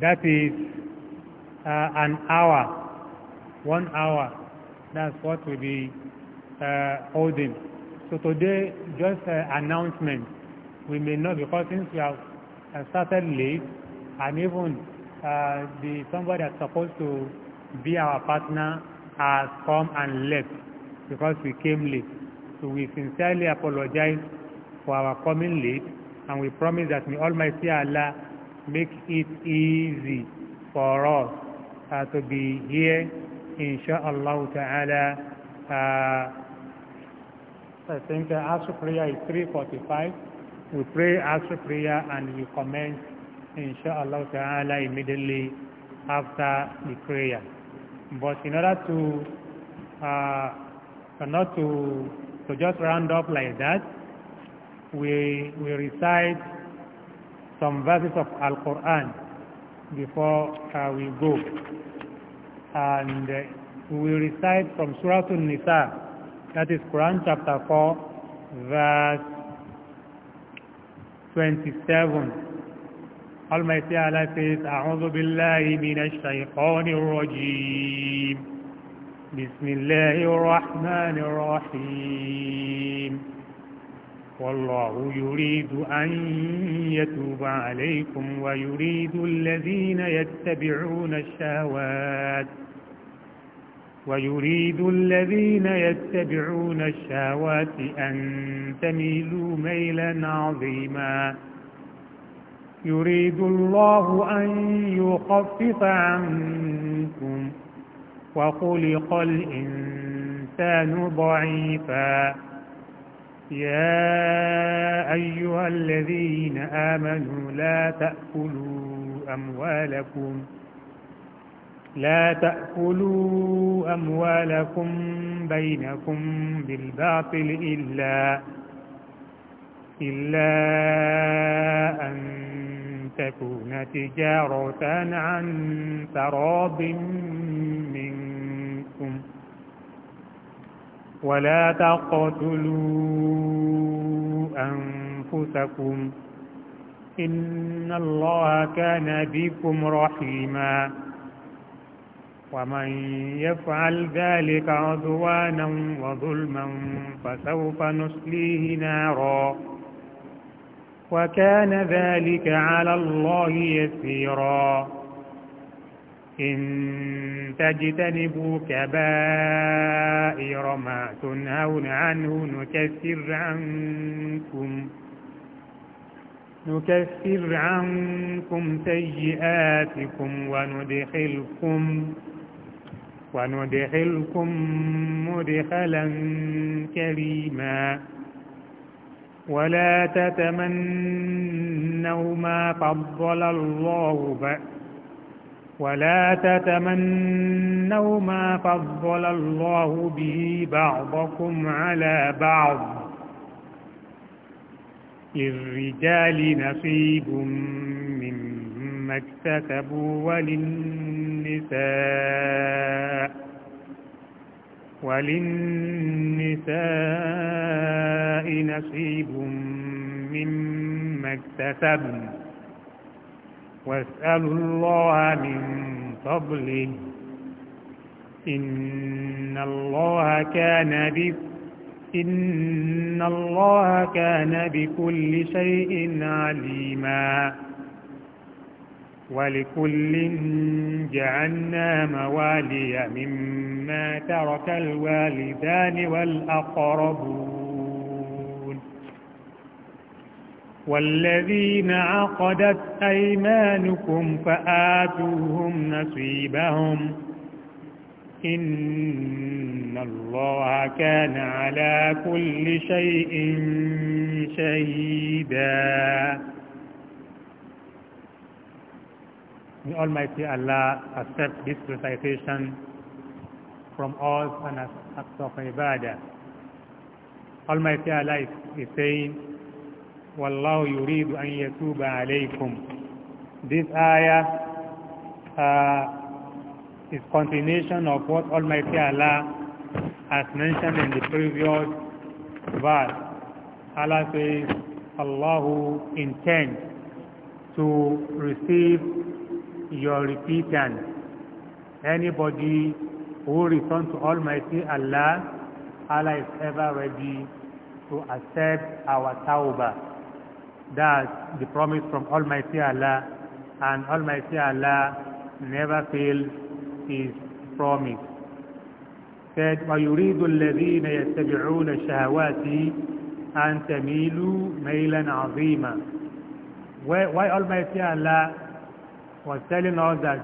that is uh, an hour, one hour. That's what we'll be uh, holding. So today, just an uh, announcement. We may not, because since we have uh, started late, and even uh, the somebody that's supposed to be our partner has come and left because we came late. So we sincerely apologize for our coming late, and we promise that may Almighty Allah make it easy for us uh, to be here inshallah ta'ala uh, I think the uh, Asr prayer is 345 we pray Asr prayer and we commence inshallah ta'ala immediately after the prayer but in order to uh, not to, to just round up like that we, we recite some verses of Al-Quran before uh, we go. And uh, we will recite from Surah An-Nisa, that is Quran chapter 4, verse 27. Almighty Allah says, أعوذ بالله من الشيطان الرجيم بسم الله الرحمن والله يريد أن يتوب عليكم ويريد الذين يتبعون الشهوات ويريد الذين يتبعون الشهوات أن تميلوا ميلا عظيما يريد الله أن يخفف عنكم وخلق الإنسان ضعيفاً يا أيها الذين آمنوا لا تأكلوا أموالكم لا تأكلوا أموالكم بينكم بالباطل إلا إلا أن تكون تجارة عن تراض منكم ولا تقتلوا أنفسكم إن الله كان بكم رحيما ومن يفعل ذلك عدوانا وظلما فسوف نسليه نارا وكان ذلك على الله يسيرا إن تجتنبوا كبائر ما تنهون عنه نكفر عنكم نكفر عنكم سيئاتكم وندخلكم وندخلكم مدخلا كريما ولا تتمنوا ما فضل الله بأس ولا تتمنوا ما فضل الله به بعضكم على بعض للرجال نصيب مما اكتسبوا وللنساء وللنساء نصيب مما اكتسبن واسألوا الله من فضله إن الله كان بك إن الله كان بكل شيء عليما ولكل جعلنا موالي مما ترك الوالدان والأقربون والذين عقدت أيمانكم فآتوهم نصيبهم إن الله كان على كل شيء شهيدا May Almighty Allah accept this recitation from us and as acts of ibadah. Almighty Allah is, is saying, Wallahu yuridu an yatuba alaykum. This ayah uh, is continuation of what Almighty Allah has mentioned in the previous verse. Allah says, Allahu intends to receive your repentance. Anybody who returns to Almighty Allah, Allah is ever ready to accept our tawbah. That the promise from Almighty Allah, and Almighty Allah never fails His promise. Said, وَيُرِيدُ الَّذِينَ يَتَّبِعُونَ الشَّهَوَاتِ أَن تَمِيلُوا مَيْلًا عَظِيمًا why, why Almighty Allah was telling us that,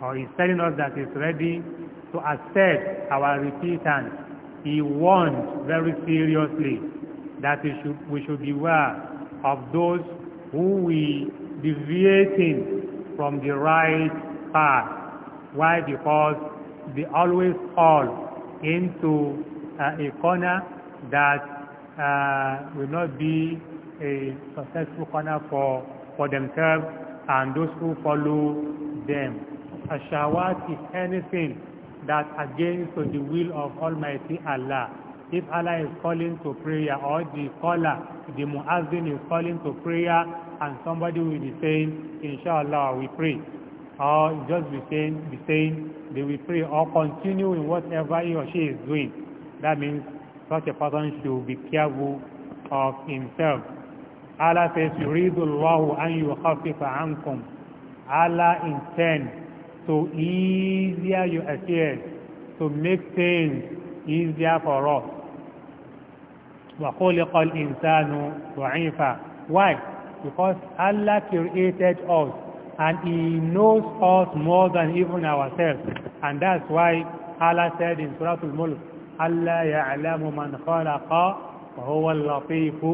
or is telling us that He's ready to accept our repentance, He warned very seriously that we should, we should beware of those who we deviating from the right path. Why? Because they always fall into uh, a corner that uh, will not be a successful corner for, for themselves and those who follow them. Ashawat is anything that against the will of Almighty Allah. if Allah is calling to prayer or the caller, the muazzin is calling to prayer and somebody will be saying, inshallah, we pray. Or just be saying, be saying, they will pray or continue in whatever he or she is doing. That means such a person should be careful of himself. Allah says, you have to يُخَفِّفَ عَنْكُمْ Allah intends to easier your affairs, to make things easier for us. وخلق الإنسان ضعيفا why because Allah created us and he knows us more than even ourselves and that's why Allah said in Surah Al-Mulk Allah يعلم من خلق وهو اللطيف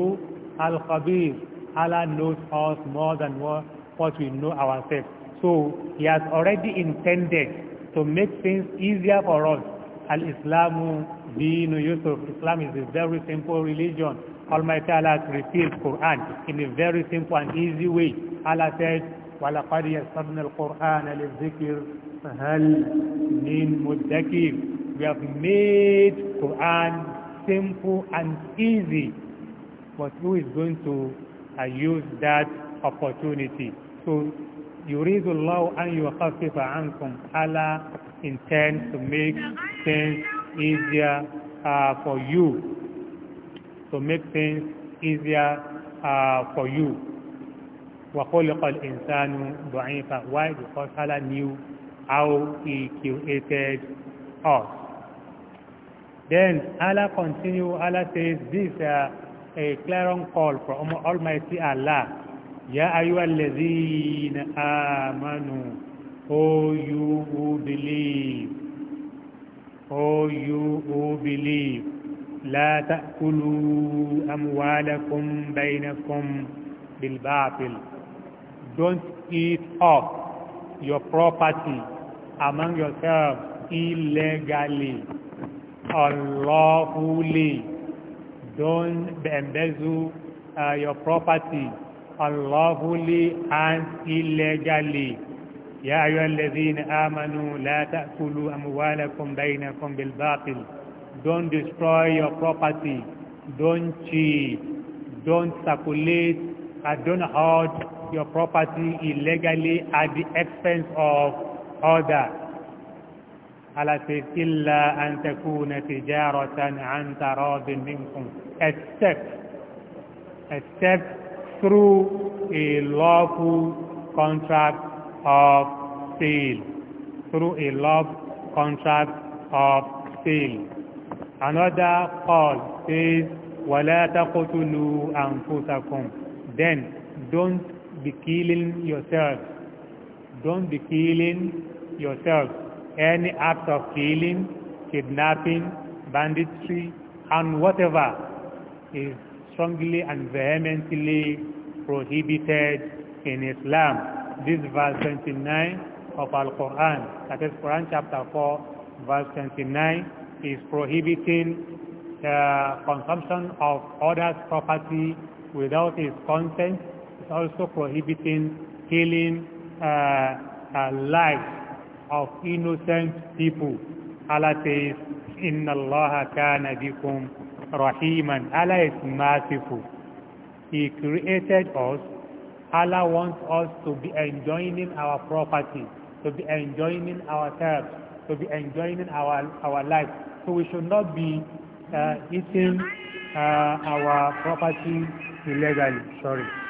الخبير Allah knows us more than what we know ourselves so he has already intended to make things easier for us al-Islamu Deen Yusuf, Islam is a very simple religion. Almighty Allah has revealed Quran in a very simple and easy way. Allah said, وَلَقَدْ يَسَّرْنَا الْقُرْآنَ لِلذِّكِرْ فَهَلْ مِن مُدَّكِرْ We have made Quran simple and easy. But who is going to uh, use that opportunity? So, يُرِيدُ اللَّهُ أَن يُخَفِّفَ عَنْكُمْ Allah intends to make things easier uh, for you, to make things easier uh, for you. وَخُلِقَ الْإِنسَانُ ضَعِيفًا Why? Because Allah knew how He created us. Then Allah continues, Allah says, this is uh, a clarion call from Almighty Allah. يَا أَيُّهَا الَّذِينَ آمَنُوا O you who believe, or oh, you who believe لا تأكلوا أموالكم بينكم بالباطل don't eat up your property among yourselves illegally unlawfully don't embezzle uh, your property unlawfully and illegally يا أيها الذين آمنوا لا تأكلوا أموالكم بينكم بالباطل don't destroy your property don't cheat don't circulate and don't hoard your property illegally at the expense of others Allah says إلا أن تكون تجارة عن تراض منكم except except through a lawful contract of sale through a love contract of sale. Another call says, وَلَا تَقْتُلُوا أَنفُسَكُمْ Then don't be killing yourself. Don't be killing yourself. Any act of killing, kidnapping, banditry, and whatever is strongly and vehemently prohibited in Islam. This verse 29 of Al-Quran, that is Quran chapter 4, verse 29, is prohibiting uh, consumption of others' property without his consent. It's also prohibiting killing uh, uh, lives of innocent people. Allah says, إِنَّ اللَّهَ كَانَ بِكُمْ رَحِيمًا Allah is merciful. He created us. Allah wants us to be enjoying our property. to be enjoying ourselves, to be enjoying our, our life. So we should not be uh, eating uh, our property illegally. Sorry.